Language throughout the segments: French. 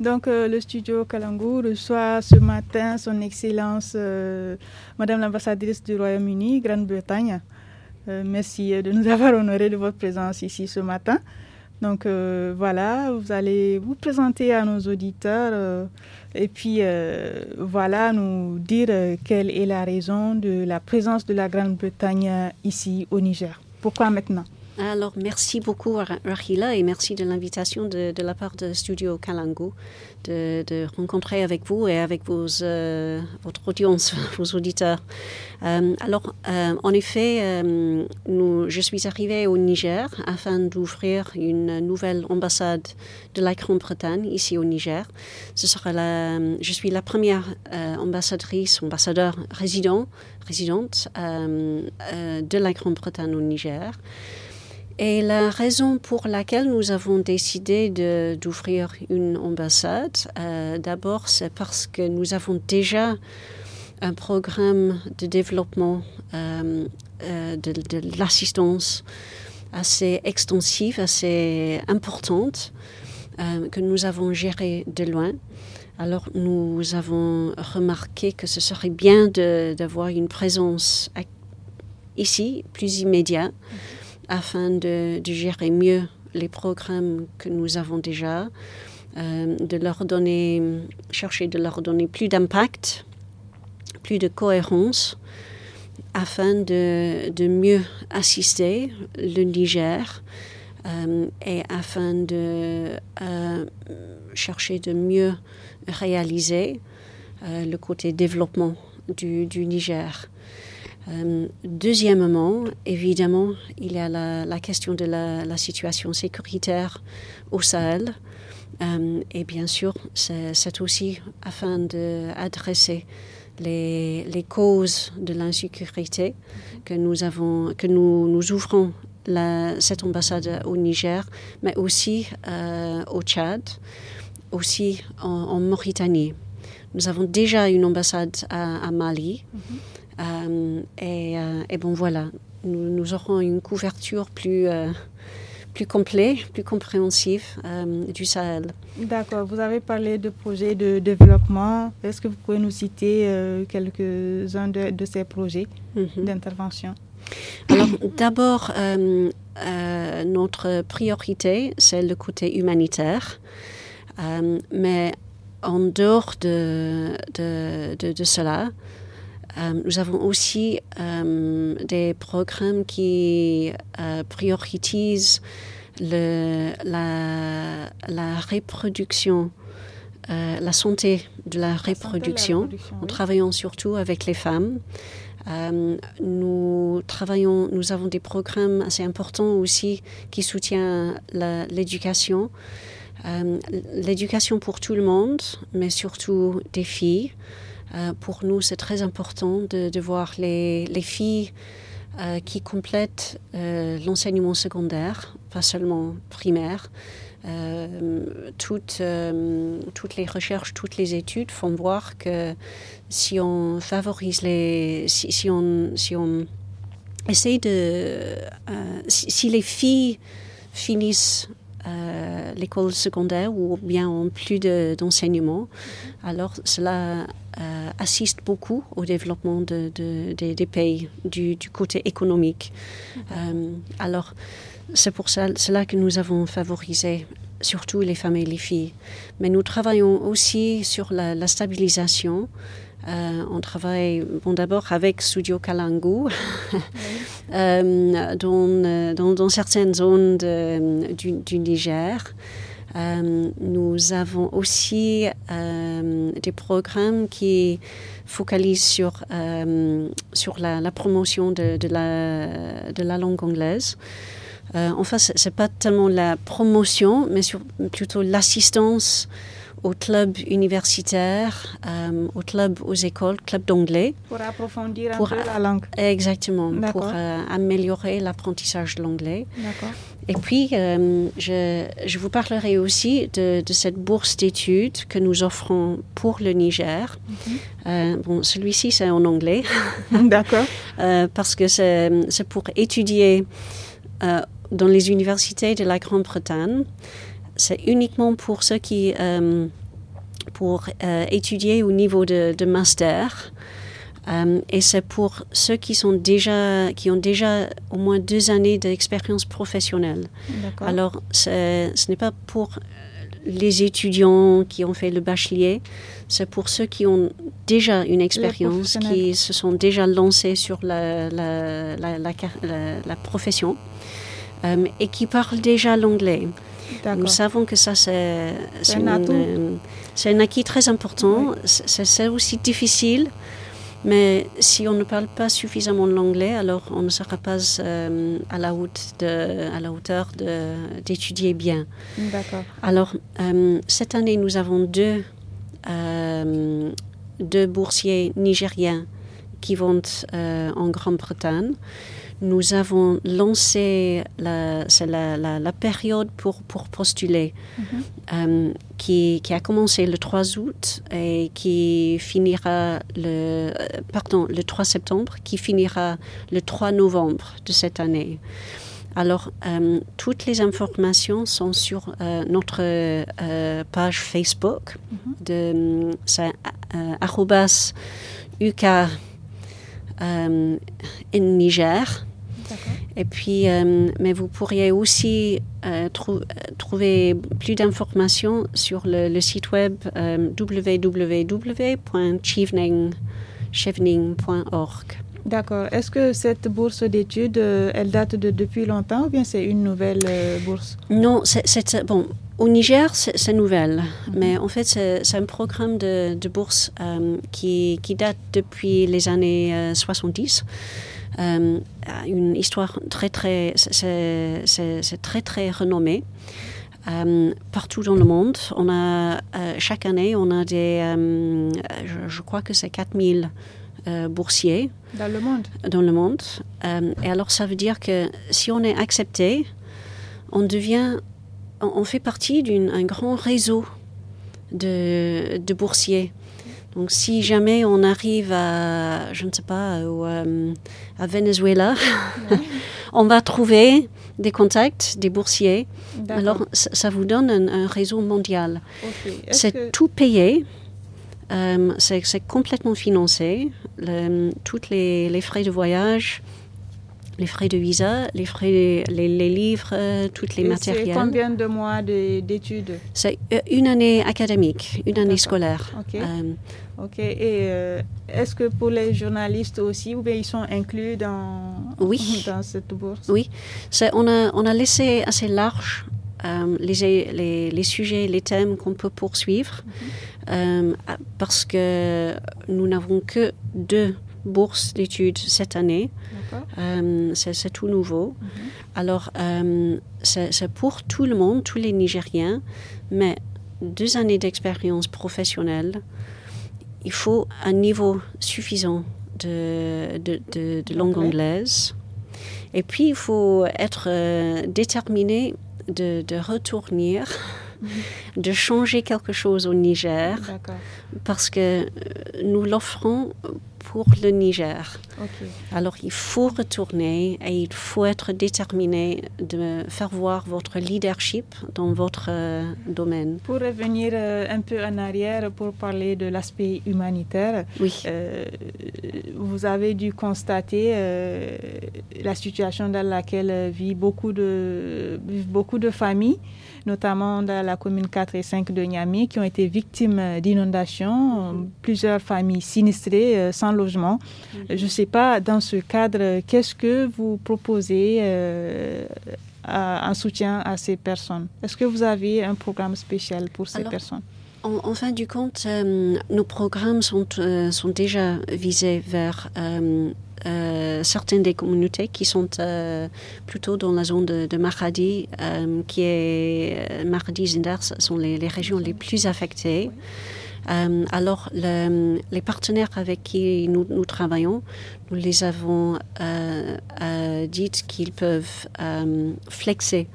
Donc, euh, le studio Kalangu reçoit ce matin son Excellence euh, Madame l'ambassadrice du Royaume-Uni, Grande-Bretagne. Euh, merci de nous avoir honoré de votre présence ici ce matin. Donc voilà, vous allez vous présenter à nos auditeurs et puis voilà, nous dire quelle est la raison de la présence de la Grande-Bretagne ici au Niger. Pourquoi maintenant alors, merci beaucoup, Rahila, et merci de l'invitation de, la part de Studio Kalangu de, rencontrer avec vous et avec vos, euh, votre audience, vos auditeurs. Euh, alors, euh, en effet, je suis arrivée au Niger afin d'ouvrir une nouvelle ambassade de la Grande-Bretagne ici au Niger. je suis la première ambassadrice, ambassadeur résident, résidente de la Grande-Bretagne au Niger. Et la raison pour laquelle nous avons décidé d'ouvrir une ambassade, euh, d'abord, c'est parce que nous avons déjà un programme de développement euh, euh, de, l'assistance assez extensive, assez importante, que nous avons géré de loin. Alors nous avons remarqué que ce serait bien d'avoir une présence ici, plus immédiate afin de, gérer mieux les programmes que nous avons déjà, euh, de leur donner, chercher de leur donner plus d'impact, plus de cohérence, afin de, mieux assister le Niger euh, et afin de euh, chercher de mieux réaliser le côté développement du Niger. Euh, deuxièmement, évidemment, il y a la, question de la, situation sécuritaire au Sahel. Euh, et bien sûr, c'est aussi afin d'adresser les, les causes de l'insécurité que nous avons, que nous, nous ouvrons cette ambassade au Niger, mais aussi euh, au Tchad, aussi en, Mauritanie. Nous avons déjà une ambassade à, Mali. Mhm. Euh, euh, et, bon, voilà, nous, aurons une couverture plus euh, plus complète, plus compréhensive du Sahel. D'accord. Vous avez parlé de projets de développement. Est-ce que vous pouvez nous citer quelques-uns de, ces projets mhm. d'intervention Alors, d'abord, notre priorité, c'est le côté humanitaire. mais en dehors de, de, de cela, euh, nous avons aussi euh, des programmes qui euh, prioritisent la, reproduction, euh, la santé de la, reproduction, en travaillant surtout avec les femmes. nous nous avons des programmes assez importants aussi qui soutiennent l'éducation. l'éducation pour tout le monde, mais surtout des filles. Euh, pour nous, c'est très important de, voir les, filles euh, qui complètent euh, l'enseignement secondaire, pas seulement primaire. Toutes, toutes, les recherches, toutes les études font voir que si on favorise les. si, on, si on de. si les filles finissent euh, l'école secondaire ou bien en plus d'enseignement. Alors cela euh, assiste beaucoup au développement de, des pays du, côté économique. Euh, alors c'est pour ça, cela que nous avons favorisé surtout les femmes et les filles. Mais nous travaillons aussi sur la, la stabilisation euh, on travaille bon, d'abord avec Studio Kalangu, euh, euh, dans, certaines zones du, Niger. nous avons aussi des programmes qui focalisent sur, la, promotion de la langue anglaise. Euh, enfin, ce n'est pas tellement la promotion, mais plutôt l'assistance aux clubs universitaires, euh, aux clubs aux écoles, clubs d'anglais. Pour approfondir un la langue. Exactement, pour euh, améliorer l'apprentissage de l'anglais. Et puis, je, vous parlerai aussi de, cette bourse d'études que nous offrons pour le Niger. Mhm. bon, celui-ci, c'est en anglais. D'accord. parce que c'est pour étudier dans les universités de la Grande-Bretagne. C'est uniquement pour ceux qui euh, pour euh, étudier au niveau de, master. Euh, et c'est pour ceux qui, sont déjà, qui ont déjà au moins deux années d'expérience professionnelle. Alors, ce n'est pas pour les étudiants qui ont fait le bachelier, c'est pour ceux qui ont déjà une expérience, qui se sont déjà lancés sur la, la, la profession. Euh, et qui parlent déjà l'anglais. Nous savons que ça, c'est un, euh, un acquis très important. C'est aussi difficile, mais si on ne parle pas suffisamment l'anglais, alors on ne sera pas euh, à, la de, à la hauteur d'étudier bien. Alors, cette année, nous avons deux, deux boursiers nigériens qui vont en Grande-Bretagne nous avons lancé la, période pour, postuler, mhm. euh, qui, a commencé le 3 août et qui finira le, euh, pardon, le 3 septembre, qui finira le 3 novembre de cette année. Alors, euh, toutes les informations sont sur notre page Facebook mm -hmm. de en Niger. Et puis, euh, mais vous pourriez aussi euh, euh, trouver plus d'informations sur le, site web euh, D'accord. Est-ce que cette bourse d'études, elle date de depuis longtemps ou bien c'est une nouvelle bourse Non, c'est bon. Au Niger, c'est nouvelle, mhm. mais en fait, c'est un programme de, bourse qui, qui, date depuis les années 70 une histoire très très c'est très très renommée. Euh, partout dans le monde, on a euh, chaque année on a des euh, je, crois que c'est 4000 boursiers dans le monde. Dans le monde. et alors ça veut dire que si on est accepté, on devient on, fait partie d'un grand réseau de, de boursiers donc si jamais on arrive à, je ne sais pas, euh, à Venezuela, on va trouver des contacts, des boursiers. Alors ça, vous donne un, réseau mondial. C'est tout payé. Euh, c'est complètement financé. toutes les frais de voyage, les frais de visa, les frais, les, livres, toutes les matériels. C'est combien de mois d'études C'est euh, une année académique, une année scolaire. Ok. Euh, ok. Et euh, est-ce que pour les journalistes aussi, ou bien ils sont inclus dans, oui. dans cette bourse Oui. On a, on a laissé assez large les, les, les, sujets, les thèmes qu'on peut poursuivre, mhm. parce que nous n'avons que deux bourse d'études cette année. Euh, c'est tout nouveau. Mhm. Alors, euh, c'est pour tout le monde, tous les Nigériens, mais deux années d'expérience professionnelle, il faut un niveau suffisant de, de, langue anglaise. Et puis, il faut être euh, déterminé de, retourner, mhm. de changer quelque chose au Niger, parce que nous l'offrons pour le Niger. Alors il faut retourner et il faut être déterminé de faire voir votre leadership dans votre euh, domaine. Pour revenir euh, un peu en arrière, pour parler de l'aspect humanitaire, oui. Euh, vous avez dû constater la situation dans laquelle vivent beaucoup de, beaucoup de familles notamment dans la commune 4 et 5 de Niamey, qui ont été victimes d'inondations. Plusieurs familles sinistrées sans logement. Je ne sais pas, dans ce cadre, qu'est-ce que vous proposez en euh, soutien à ces personnes Est-ce que vous avez un programme spécial pour ces personnes en, fin du compte, euh, nos programmes sont, euh, sont déjà visés vers certaines des communautés qui sont plutôt dans la zone de, de Maradi, qui est Maradi Zindar, sont les, régions les plus affectées. Euh, alors, les partenaires avec qui nous, travaillons, nous les avons euh, euh dit qu'ils peuvent euh, flexer.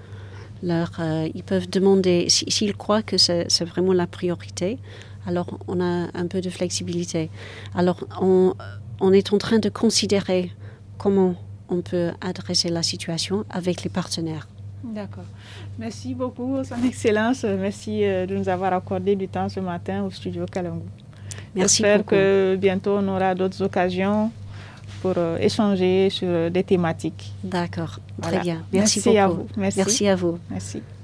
Leur, ils peuvent demander, s'ils croient que c'est vraiment la priorité, alors on a un peu de flexibilité. Alors, on est en train de considérer comment on peut adresser la situation avec les partenaires. D'accord. Merci beaucoup, Son Excellence. Merci euh, de nous avoir accordé du temps ce matin au studio Kalangou. Merci J'espère que bientôt on aura d'autres occasions pour euh, échanger sur euh, des thématiques. D'accord, très bien. Merci, beaucoup. à vous. Merci. Merci à vous. Merci.